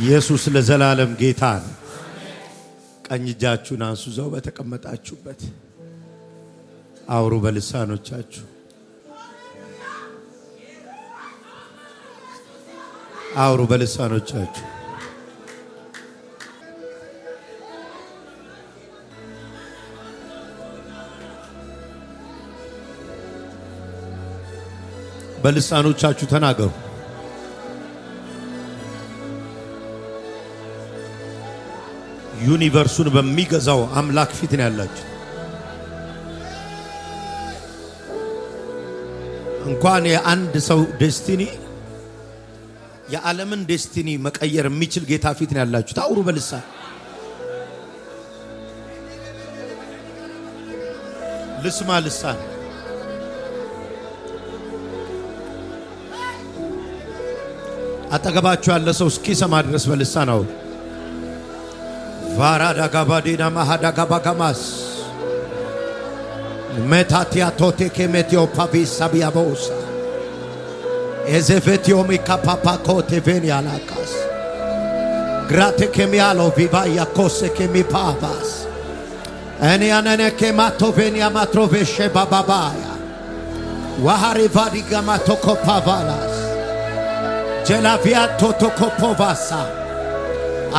ኢየሱስ ለዘላለም ጌታ ነው። ቀኝ እጃችሁን አንሱ። እዛው በተቀመጣችሁበት አውሩ በልሳኖቻችሁ አውሩ በልሳኖቻችሁ። በልሳኖቻችሁ ተናገሩ። ዩኒቨርሱን በሚገዛው አምላክ ፊት ነው ያላችሁ። እንኳን የአንድ ሰው ዴስቲኒ የዓለምን ዴስቲኒ መቀየር የሚችል ጌታ ፊት ነው ያላችሁ። ታውሩ በልሳ ልስማ ልሳን አጠገባችሁ ያለ ሰው እስኪ ሰማ ድረስ በልሳን አውሩ። ቫራዳ ጋባዲና ማሃዳ ጋባጋማስ ሜታቲያ ቶቴኬ ሜቴዮ ፓቪስ ሳቢያበውሳ ኤዘቬትዮሚ ካፓፓኮ ባባባያ ዋሃሪ ቫዲጋማቶኮ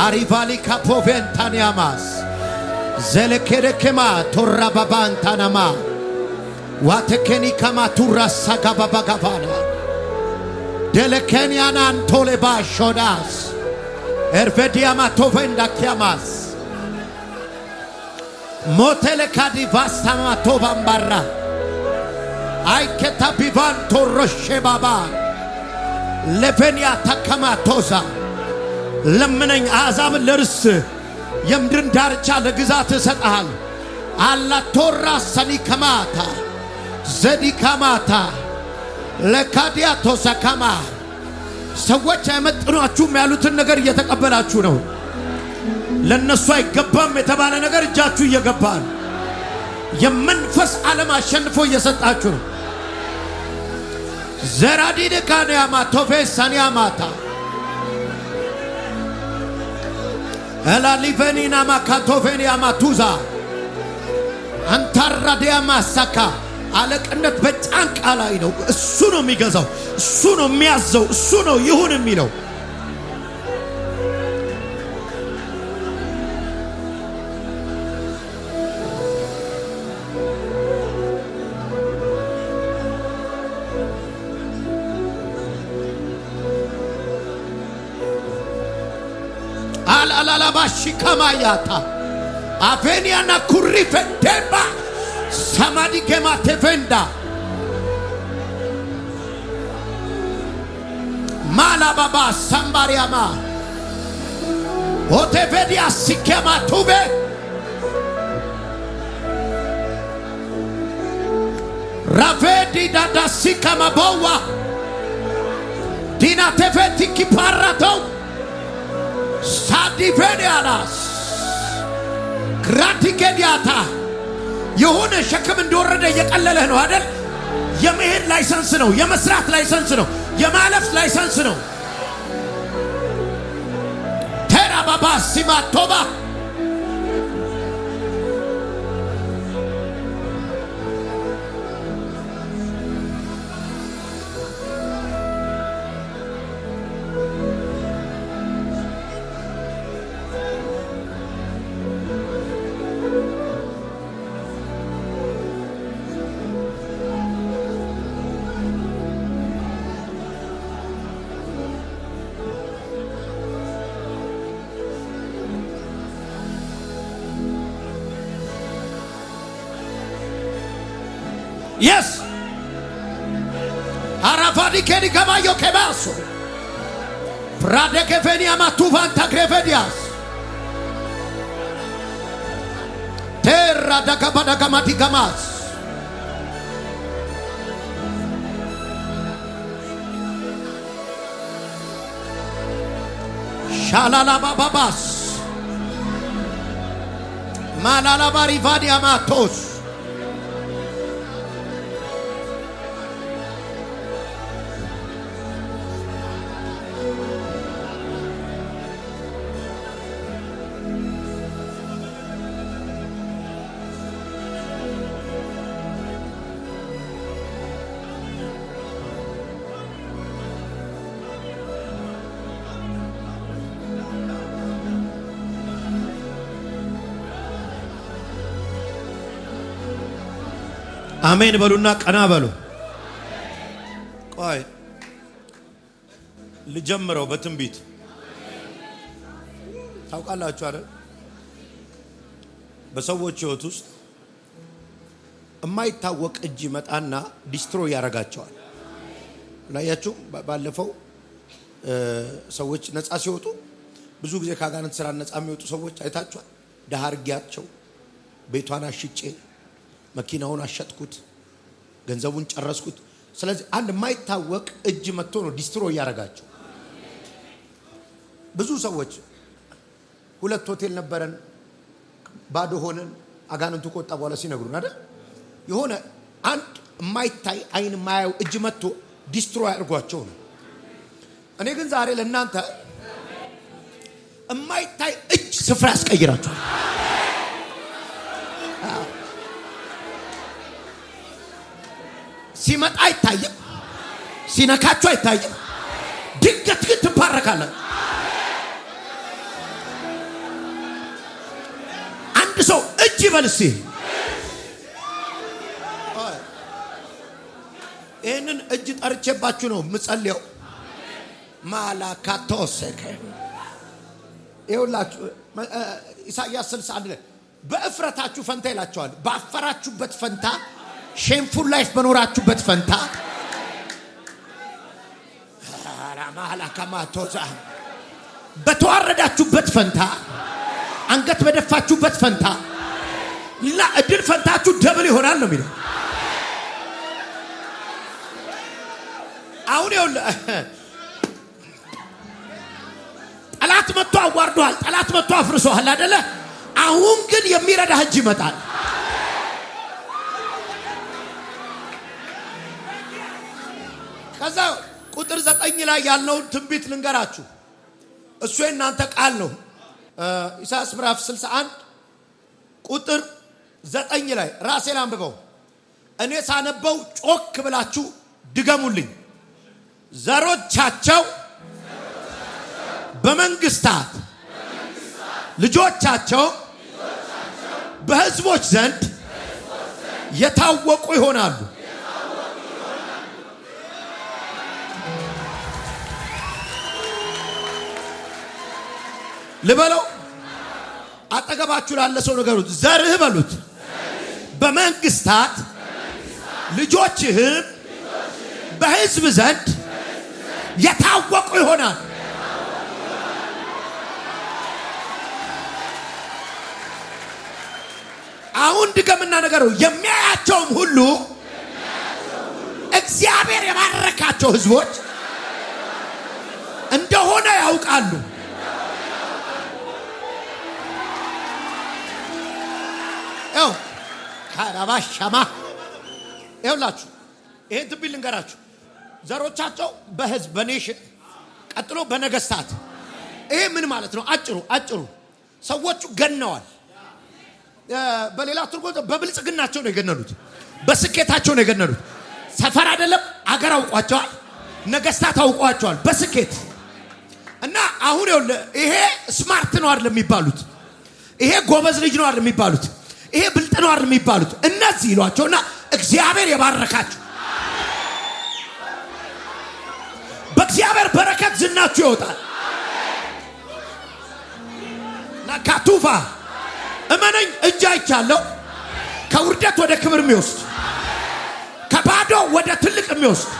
አሪቫሊካ ፖቬንታንያማስ ዘለኬደኬማ ቶራባባንታናማ ዋተኬኒካማ ቱራሳ ጋባባጋባና ደለኬንያናን ቶሌባ ሾዳስ ኤርቬዲያማ ቶቬንዳኪያማስ ሞቴሌካዲቫስታማ ቶባምባራ አይኬታ ቢቫን ቶሮሼ ባባ ሌቬንያ ታካማ ቶዛ ለምነኝ አሕዛብን ለርስ የምድርን ዳርቻ ለግዛት እሰጥሃል። አላቶራ ሰኒከማታ ዘዲካማታ ለካዲያቶ ሰካማ ሰዎች አይመጥኗችሁም ያሉትን ነገር እየተቀበላችሁ ነው። ለእነሱ አይገባም የተባለ ነገር እጃችሁ እየገባ ነው። የመንፈስ ዓለም አሸንፎ እየሰጣችሁ ነው። ዘራዲድካንያማ ቶፌ ሰኒያማታ እላሊቬኒና ማካቶቬኒያ ማቱዛ አንታራዲያ ማሳካ አለቅነት በጫንቃ ላይ ነው። እሱ ነው የሚገዛው፣ እሱ ነው የሚያዘው፣ እሱ ነው ይሁን የሚለው shikamayata avenia na kurifendeba samadigemathevenda malababa sambariama otevedia sikematuve ravedi dadasika mabowa dinateveti kiparatou ሳዲፌንያላስ ግራቲኬዲያታ የሆነ ሸክም እንደወረደ እየቀለለህ ነው አደል? የመሄድ ላይሰንስ ነው። የመስራት ላይሰንስ ነው። የማለፍ ላይሰንስ ነው። ቴራባባ ሲማቶባ Yes. Arafanikeni kama yo kebaso. Pradekeveni amatuvanta grevedias. Terra da kabada kamati kamas. Shalalababas. Malalabari vadi amatos. አሜን በሉና ቀና በሉ። ቆይ ልጀምረው በትንቢት ታውቃላችሁ አይደል? በሰዎች ህይወት ውስጥ የማይታወቅ እጅ መጣና ዲስትሮይ ያደርጋቸዋል። ላያችሁ ባለፈው ሰዎች ነፃ ሲወጡ ብዙ ጊዜ ከአጋንንት ስራ ነፃ የሚወጡ ሰዎች አይታችኋል። ዳሃርጊያቸው ቤቷን አሽጬ መኪናውን አሸጥኩት፣ ገንዘቡን ጨረስኩት። ስለዚህ አንድ የማይታወቅ እጅ መጥቶ ነው ዲስትሮ እያደረጋቸው። ብዙ ሰዎች ሁለት ሆቴል ነበረን፣ ባዶ ሆነን፣ አጋንንቱ ከወጣ በኋላ ሲነግሩን አይደል የሆነ አንድ የማይታይ አይን የማያየው እጅ መጥቶ ዲስትሮ ያድርጓቸው ነው። እኔ ግን ዛሬ ለእናንተ የማይታይ እጅ ስፍራ ያስቀይራቸዋል። ሲመጣ አይታይም፣ ሲነካችሁ አይታይም። ድንገት ግን ትባረካለን። አንድ ሰው እጅ ይበልስ። እስቲ። ይህንን እጅ ጠርቼባችሁ ነው ምጸልየው። ማላካቶሴከ ይሁላችሁ ኢሳያስ 61 በእፍረታችሁ ፈንታ ይላቸዋል፣ ባፈራችሁበት ፈንታ ሼምፉል ላይፍ በኖራችሁበት ፈንታ በተዋረዳችሁበት ፈንታ አንገት በደፋችሁበት ፈንታ ላ እድል ፈንታችሁ ደብል ይሆናል ነው የሚለው። አሁን ይኸውልህ ጠላት መጥቶ አዋርዶሃል፣ ጠላት መጥቶ አፍርሶሃል አይደለ? አሁን ግን የሚረዳህ እጅ ይመጣል። ከዛ ቁጥር ዘጠኝ ላይ ያለውን ትንቢት ልንገራችሁ። እሱ የእናንተ ቃል ነው። ኢሳያስ ምዕራፍ 61 ቁጥር ዘጠኝ ላይ ራሴ አንብበው። እኔ ሳነበው ጮክ ብላችሁ ድገሙልኝ። ዘሮቻቸው በመንግስታት ልጆቻቸው በህዝቦች ዘንድ የታወቁ ይሆናሉ። ልበለው። አጠገባችሁ ላለ ሰው ንገሩት፣ ዘርህ በሉት በመንግስታት ልጆችህም በህዝብ ዘንድ የታወቁ ይሆናል። አሁን ድገምና ነገረው። የሚያያቸውም ሁሉ እግዚአብሔር የባረካቸው ህዝቦች እንደሆነ ያውቃሉ። ያው ካራባሻማ ይውላችሁ ይህን ትንቢት ልንገራችሁ። ዘሮቻቸው በህዝብ በኔሽን ቀጥሎ በነገስታት። ይሄ ምን ማለት ነው? አጭሩ አጭሩ ሰዎቹ ገነዋል። በሌላ ትርጎ በብልጽግናቸው ነው የገነሉት፣ በስኬታቸው ነው የገነሉት። ሰፈር አይደለም አገር አውቋቸዋል፣ ነገስታት አውቋቸዋል በስኬት እና አሁን ይሄ ስማርት ነው አይደለም የሚባሉት፣ ይሄ ጎበዝ ልጅ ነው አይደለም የሚባሉት ይሄ ብልጥ ነው አይደል የሚባሉት እነዚህ ይሏቸውና እግዚአብሔር የባረካችሁ በእግዚአብሔር በረከት ዝናችሁ ይወጣል። ናካቱፋ እመነኝ፣ እጅ አይቻለሁ። ከውርደት ወደ ክብር የሚወስድ ከባዶ ወደ ትልቅ የሚወስድ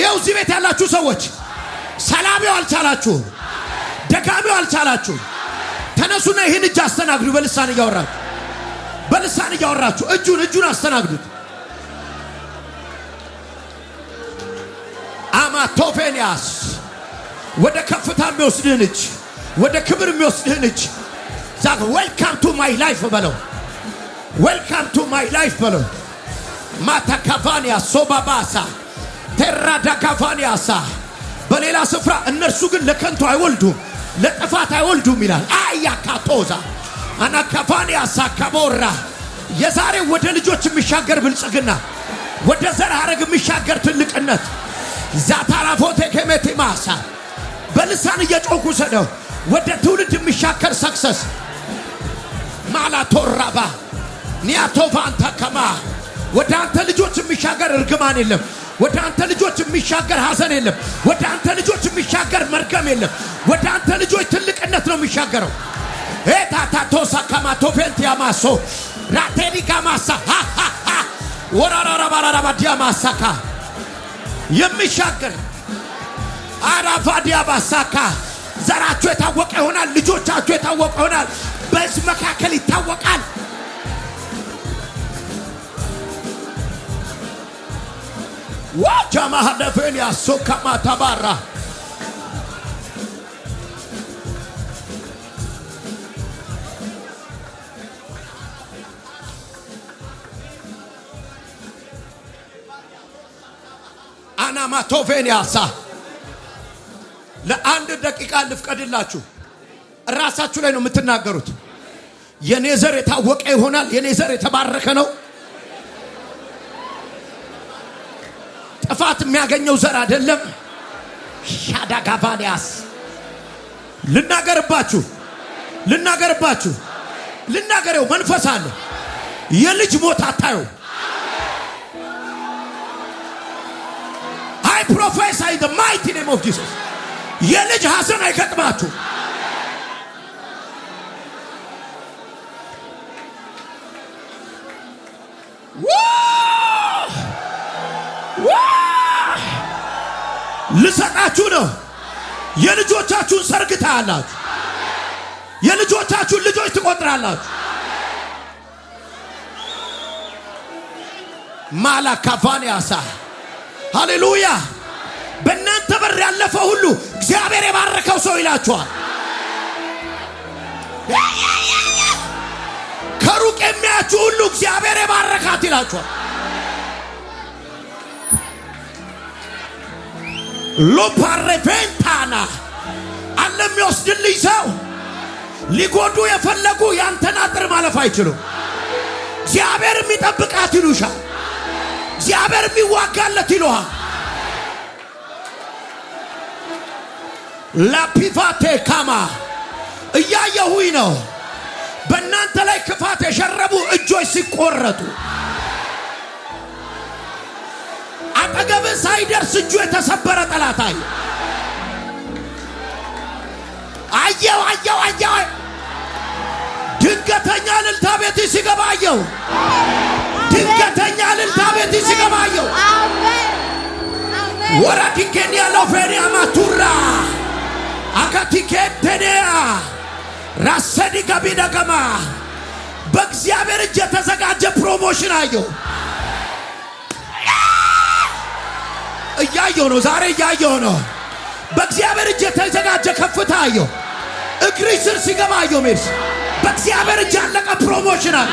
ይኸው እዚህ ቤት ያላችሁ ሰዎች ሰላሜው አልቻላችሁም። ደጋሚው አልቻላችሁም። ተነሱና ይህን እጅ አስተናግዱ። በልሳን እያወራችሁ በልሳን እያወራችሁ እጁን እጁን አስተናግዱት። አማቶፌንያስ ወደ ከፍታ የሚወስድህን እጅ፣ ወደ ክብር የሚወስድህን እጅ ዛ ዌልካም ቱ ማይ ላይፍ በለው። ዌልካም ቱ ማይ ላይፍ በለው። ማታካፋንያ ሶባባሳ ቴራዳካፋንያሳ በሌላ ስፍራ እነርሱ ግን ለከንቱ አይወልዱም ለጥፋት አይወልዱም ይላል። አያ ካቶዛ አናካፋንያ የዛሬ ወደ ልጆች የሚሻገር ብልጽግና፣ ወደ ዘር ሐረግ የሚሻገር ትልቅነት ዛታራፎቴ ኬሜቴ ማሳ በልሳን እየጮኩ ሰደው ወደ ትውልድ የሚሻገር ሰክሰስ ማላቶራባ ኒያቶቫ አንታከማ ወደ አንተ ልጆች የሚሻገር እርግማን የለም። ወደ አንተ ልጆች የሚሻገር ሐዘን የለም። ወደ አንተ ልጆች የሚሻገር መርገም የለም። ወደ አንተ ልጆች ትልቅነት ነው የሚሻገረው። ታታቶሳ ከማቶ ቬንት ያማሶ ራቴኒ ጋማሳ ወራራራባራራባ ዲያማሳካ የሚሻገር አራፋ ዲያባሳካ ዘራቸው የታወቀ ይሆናል። ልጆቻቸው የታወቀ ይሆናል። በሕዝብ መካከል ይታወቃል። ዋጃ ማህደፍን ያሶካማ ተባራ አናማቶፌን ያሳ ለአንድ ደቂቃ ልፍቀድላችሁ። ራሳችሁ ላይ ነው የምትናገሩት። የኔ ዘር የታወቀ ይሆናል። የኔ ዘር የተባረከ ነው። የሚያገኘው ዘር አይደለም። ሻዳጋቫንያስ ልናገርባችሁ ልናገርባችሁ ልናገሬው መንፈስ አለ። የልጅ ሞት አታዩ። አይ ፕሮፌሳይ ዘ ማይቲ ኔም ኦፍ ጂሰስ የልጅ ሐዘን አይገጥማችሁ። ልሰጣችሁ ነው። የልጆቻችሁን ሰርግ ታያላችሁ። የልጆቻችሁን ልጆች ትቆጥራላችሁ። ማላካቫን ያሳ ሃሌሉያ። በእናንተ በር ያለፈው ሁሉ እግዚአብሔር የባረከው ሰው ይላችኋል። ከሩቅ የሚያችሁ ሁሉ እግዚአብሔር የባረካት ይላችኋል። ሎፓሬቬንታና አለ የሚወስድልኝ ሰው ሊጎዱ የፈለጉ ያንተን አጥር ማለፍ አይችሉም። እግዚአብሔር የሚጠብቃት ይሉሻል። እግዚአብሔር የሚዋጋለት ይሉሃል። ላፒፋቴ ካማ እያየሁኝ ነው በእናንተ ላይ ክፋት የሸረቡ እጆች ሲቆረጡ አጠገብ ሳይደርስ እጁ የተሰበረ ጠላት አየ አየው አየው አየው ድንገተኛ ልልታ ቤት ሲገባ አየው። ድንገተኛ ልልታ ቤት ሲገባ አየው። ወራቲ ኬንያ ሎፌኒያ ማቱራ አካቲኬቴኔያ ራሰኒ ገቢ ደቀማ በእግዚአብሔር እጅ የተዘጋጀ ፕሮሞሽን አየው። እያየው ነው። ዛሬ እያየው ነው። በእግዚአብሔር እጅ የተዘጋጀ ከፍታ አየው። እግርሽ ስር ሲገባ አየው። ሜርስ በእግዚአብሔር እጅ ያለቀ ፕሮሞሽን አለ።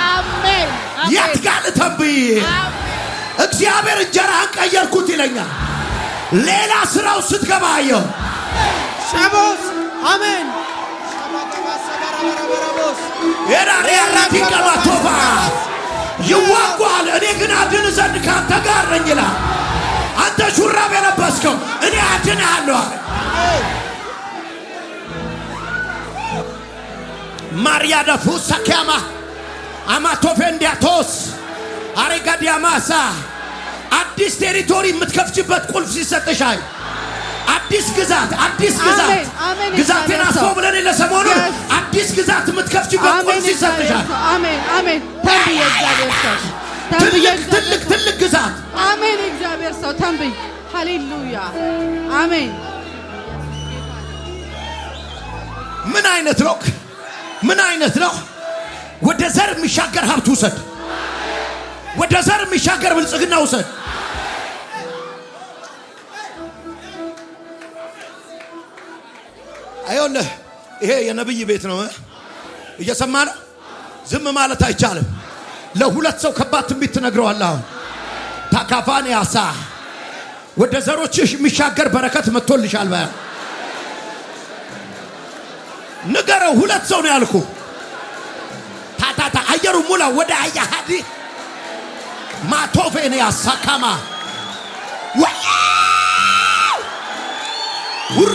የት ጋር እግዚአብሔር እንጀራህን ቀየርኩት ይለኛል። ሌላ ስራው ስትገባ አየው። ሸቦስ አሜን ይዋጓል። እኔ ግን አድን ዘንድ ካንተ ጋር ነኝ ይላል አንተ ሹራብ የለበስከው እኔ አድንሃለሁ አለ። ማርያ ደፉ ሰኪያማ አማቶፌንዲያቶስ አሬጋዲያማሳ አዲስ ቴሪቶሪ የምትከፍችበት ቁልፍ ሲሰጥሻል። አዲስ ግዛት አዲስ ግዛት ግዛቴን አስፎ ብለን ለሰሞኑ አዲስ ግዛት የምትከፍችበት ቁልፍ ሲሰጥሻል። አሜን አሜን። ትልቅ ትልቅ ግዛት አሜን። እግዚአብሔር ሰው ተንብይ። ሃሌሉያ አሜን። ምን አይነት ነው? ምን አይነት ነው? ወደ ዘር የሚሻገር ሀብት ውሰድ። ወደ ዘር የሚሻገር ብልጽግና ውሰድ። ይሄ የነብይ ቤት ነው። እየሰማ ነው። ዝም ማለት አይቻልም። ለሁለት ሰው ከባድ ትንቢት ትነግረዋለህ። አሁን ታካፋን ያሳ ወደ ዘሮችሽ የሚሻገር በረከት መጥቶልሻል። በያ ንገረው። ሁለት ሰው ነው ያልኩ። ታታታ አየሩ ሙላ ወደ አያሃዲ ማቶፌን ያሳካማ ውሩ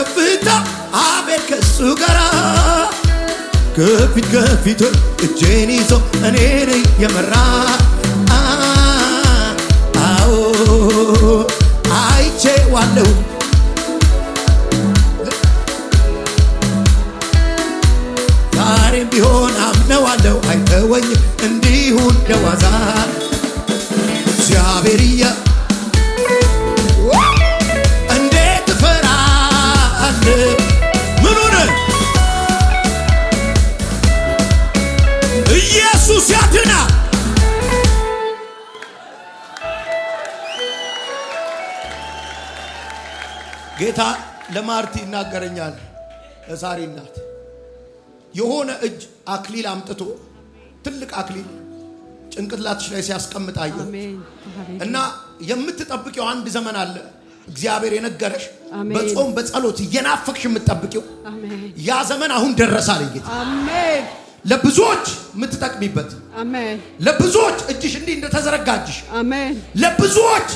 ከፍታ አቤት ከሱ ጋራ ከፊት ከፊት እጄን ይዞ እኔን የመራ አዎ አይቼ ዋለው ዛሬም ቢሆን አምነዋለው አይተወኝ እንዲሁ ደዋዛ እግዚአብሔር ጌታ ለማርቲ ይናገረኛል። ለሳሪ እናት የሆነ እጅ አክሊል አምጥቶ ትልቅ አክሊል ጭንቅላትሽ ላይ ሲያስቀምጥ አየሁ እና የምትጠብቂው አንድ ዘመን አለ። እግዚአብሔር የነገረሽ በጾም በጸሎት እየናፈቅሽ የምትጠብቂው ያ ዘመን አሁን ደረሳል። ጌታ ለብዙዎች የምትጠቅሚበት ለብዙዎች እጅሽ እንዲህ እንደተዘረጋ እጅሽ ለብዙዎች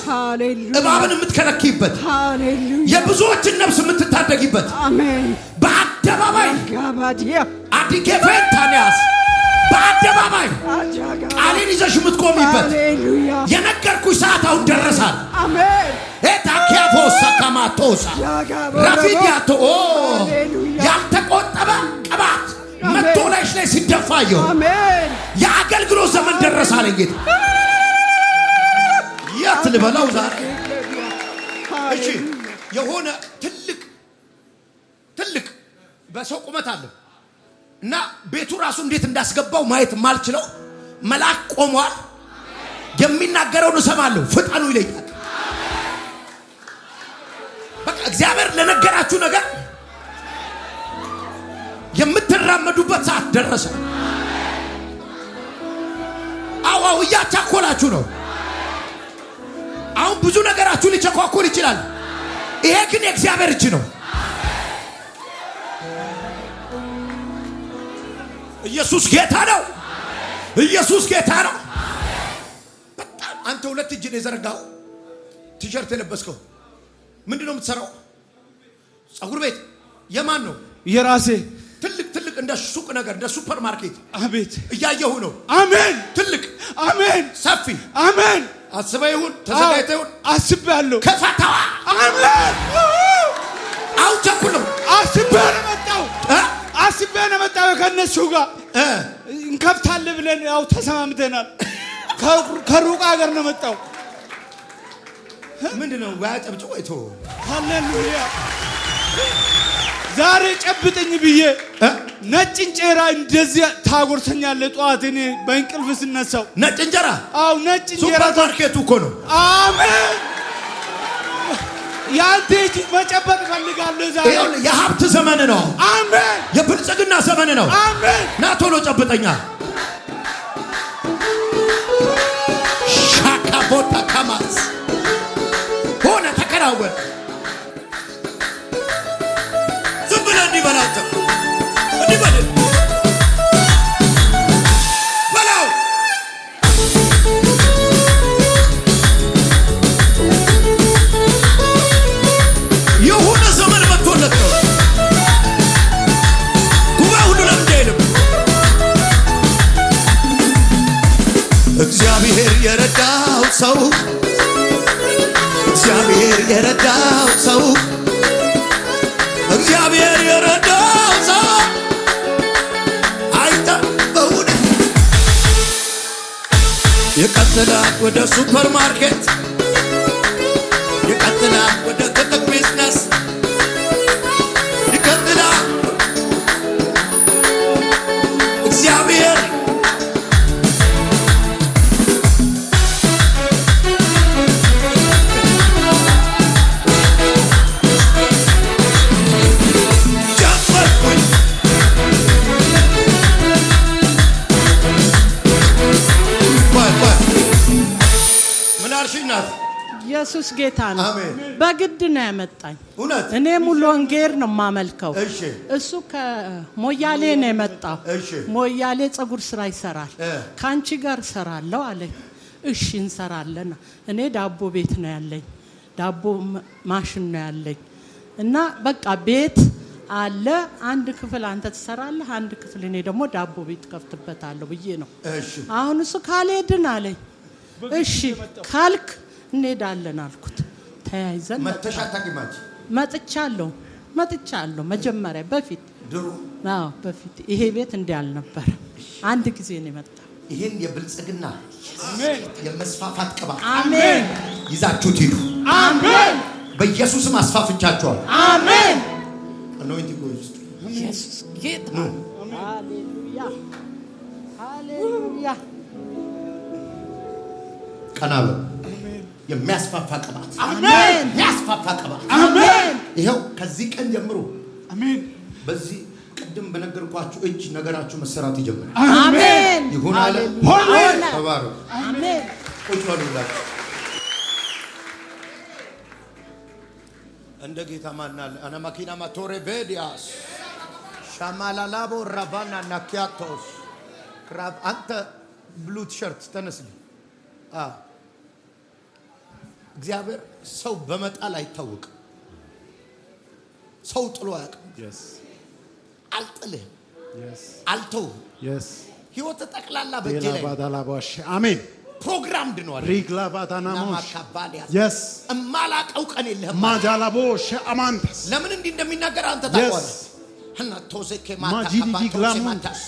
እባብን የምትከለኪበት የብዙዎችን ነፍስ የምትታደጊበት በአደባባይ አዲጌፌንታንያስ በአደባባይ ቃሌን ይዘሽ የምትቆሚበት የነገርኩሽ ሰዓት አሁን ደረሳል። ኤታኪያፎ ሳካማቶሳ ረፊዲያቶ አየሁ። የአገልግሎት ዘመን ደረሰ አለኝ ጌታ። የት ልበላው ዛሬ? እሺ የሆነ ትልቅ ትልቅ በሰው ቁመት አለ እና ቤቱ ራሱ እንዴት እንዳስገባው ማየት ማልችለው መልአክ ቆሟል። የሚናገረውን እሰማለሁ። ፍጠኑ ይለኛል። በቃ እግዚአብሔር ለነገራችሁ ነገር የምትራመዱበት ሰዓት ደረሰ። አዋው እያቻኮላችሁ ነው። አሁን ብዙ ነገራችሁ ሊቸኳኮል ይችላል። ይሄ ግን የእግዚአብሔር እጅ ነው። ኢየሱስ ጌታ ነው። ኢየሱስ ጌታ ነው። በጣም አንተ ሁለት እጅ ነው የዘረጋው። ቲሸርት የለበስከው ምንድን ነው የምትሰራው? ጸጉር ቤት የማን ነው? የራሴ እንደ ሱቅ ነገር እንደ ሱፐር ማርኬት አቤት እያየሁ ነው። አሜን። ትልቅ አሜን። ሰፊ አሜን። አስበ ይሁን ተዘጋጅተ ይሁን አስብ ያለሁ ከፈታዋ አሜን። አውቸኩልም አስቤ ነው መጣሁ አስቤ ነው መጣሁ። ከእነሱ ጋር እንከፍታለን ብለን ያው ተሰማምተናል። ከሩቅ ሀገር ነው መጣሁ። ምንድነው? ባያጨብጭ ወይቶ ሃሌሉያ ዛሬ ጨብጠኝ ብዬ ነጭ እንጀራ እንደዚህ ታጎርሰኛለ። ጠዋት እኔ በእንቅልፍ ስነሳው ነጭ እንጀራ። አዎ ነጭ እንጀራ ሱፐርማርኬቱ እኮ ነው። አሜን። ያንተ እጅ መጨበጥ ፈልጋለሁ ዛሬ። የሀብት ዘመን ነው። አሜን። የብልጽግና ዘመን ነው። አሜን። ና ቶሎ ጨብጠኛ። ሻካ ቦታ ካማስ ሆነ ተከናወነ በላቸው እንዲህ በል በላው። የሆነ ዘመን መጥቶለት ነው ጉባ ሁሉ ለምድ አይልም። እግዚአብሔር የረዳው ሰው እግዚአብሔር የረዳው ሰው ይቀጥላል ወደ ሱፐርማርኬት ይቀጥላል ወደ ኢየሱስ ጌታ ነው። በግድ ነው ያመጣኝ። እኔ ሙሉ ወንጌር ነው የማመልከው። እሱ ከሞያሌ ነው የመጣው። ሞያሌ ጸጉር ስራ ይሰራል። ከአንቺ ጋር እሰራለሁ አለኝ። እሺ እንሰራለን። እኔ ዳቦ ቤት ነው ያለኝ፣ ዳቦ ማሽን ነው ያለኝ እና በቃ ቤት አለ አንድ ክፍል አንተ ትሰራለህ፣ አንድ ክፍል እኔ ደግሞ ዳቦ ቤት ከፍትበታለሁ ብዬ ነው። አሁን እሱ ካልሄድን አለኝ እሺ ካልክ እንሄዳለን አልኩት። ተያይዘን መጥቻለሁ መጥቻለሁ። መጀመሪያ በፊት በፊት ይሄ ቤት እንዲህ አልነበረ። አንድ ጊዜ ነው የመጣ ይህን የብልጽግና የመስፋፋት ቅባት አሜን፣ ይዛችሁት ሂዱ። አሜን። በኢየሱስም አስፋፍቻችኋል። አሜን። ኢየሱስ ጌታ፣ ሃሌሉያ፣ ሃሌሉያ ቀና በሉ። የሚያስፋፋ ቅባት፣ የሚያስፋፋ ቅባት ይኸው ከዚህ ቀን ጀምሮ በዚህ ቅድም በነገርኳችሁ እጅ ነገራችሁ መሰራት ይጀምራል። አሜን። ይሁን አለ። ተባረኩ። አሜን። ቁጭ በሉላችሁ። እንደ ጌታ ማናለ አና ማኪና ማቶሬ ቬዲያስ ሻማላላቦ ራባና ናኪያቶስ ክራብ አንተ ብሉ ቲሸርት ተነስልኝ እግዚአብሔር ሰው በመጣል አይታወቅም። ሰው ጥሎ አያውቅም። አልጥልህም፣ አልተውህም። ህይወት ጠቅላላ በእጄ ላይ አሜን። ፕሮግራም ድኗል። እማላቀው ቀን የለህም። ማጃላቦ አማንታስ ለምን እንዲህ እንደሚናገር አንተ ታውቀዋለህ። እና ቶዘኬ ማታስ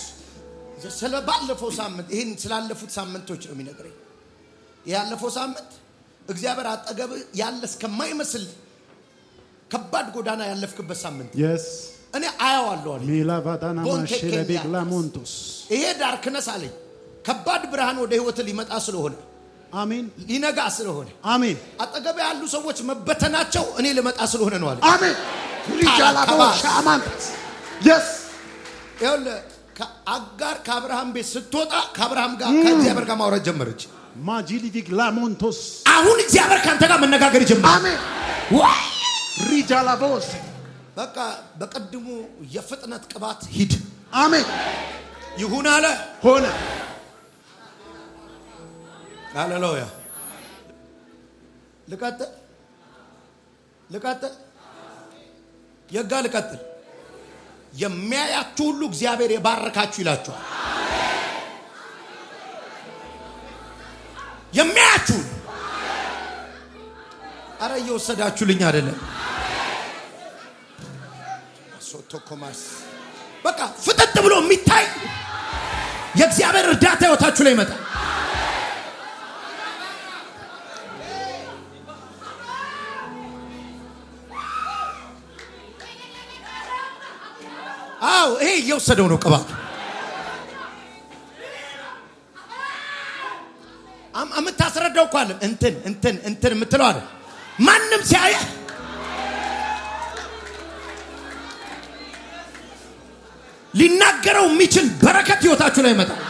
ስለ ባለፈው ሳምንት ይህን ስላለፉት ሳምንቶች ነው የሚነግረኝ። ያለፈው ሳምንት እግዚአብሔር አጠገብ ያለ እስከማይመስል ከባድ ጎዳና ያለፍክበት ሳምንት እኔ አያዋለሁ አለኝ። ይሄ ዳርክነስ አለኝ ከባድ ብርሃን ወደ ህይወት ሊመጣ ስለሆነ አሜን። ሊነጋ ስለሆነ አሜን። አጠገብ ያሉ ሰዎች መበተናቸው እኔ ልመጣ ስለሆነ ነው አለ አሜን። ሪጃላቶ ከአጋር ከአብርሃም ቤት ስትወጣ ከአብርሃም ጋር mm. ከእግዚአብሔር ጋር ማውራት ጀመረች። ላሞንቶስ አሁን እግዚአብሔር ካንተ ጋር መነጋገር ይጀምራል። አሜን ሪጃላቦስ በቃ በቀድሞ የፍጥነት ቅባት ሂድ። አሜን ይሁን አለ ሆነ። ሃሌሉያ ልቀጥል ልቀጥል የጋ ልቀጥል የሚያያችሁ ሁሉ እግዚአብሔር የባረካችሁ ይላችኋል። እየወሰዳችሁልኝ አይደለም። ሶቶኮማስ በቃ ፍጥጥ ብሎ የሚታይ የእግዚአብሔር እርዳታ ህይወታችሁ ላይ ይመጣል። አዎ ይሄ እየወሰደው ነው ቅባቱ። የምታስረዳው እኮ አለ እንትን እንትን እንትን የምትለው አለ ማንም ሲያየ ሊናገረው የሚችል በረከት ህይወታችሁ ላይ ይመጣል።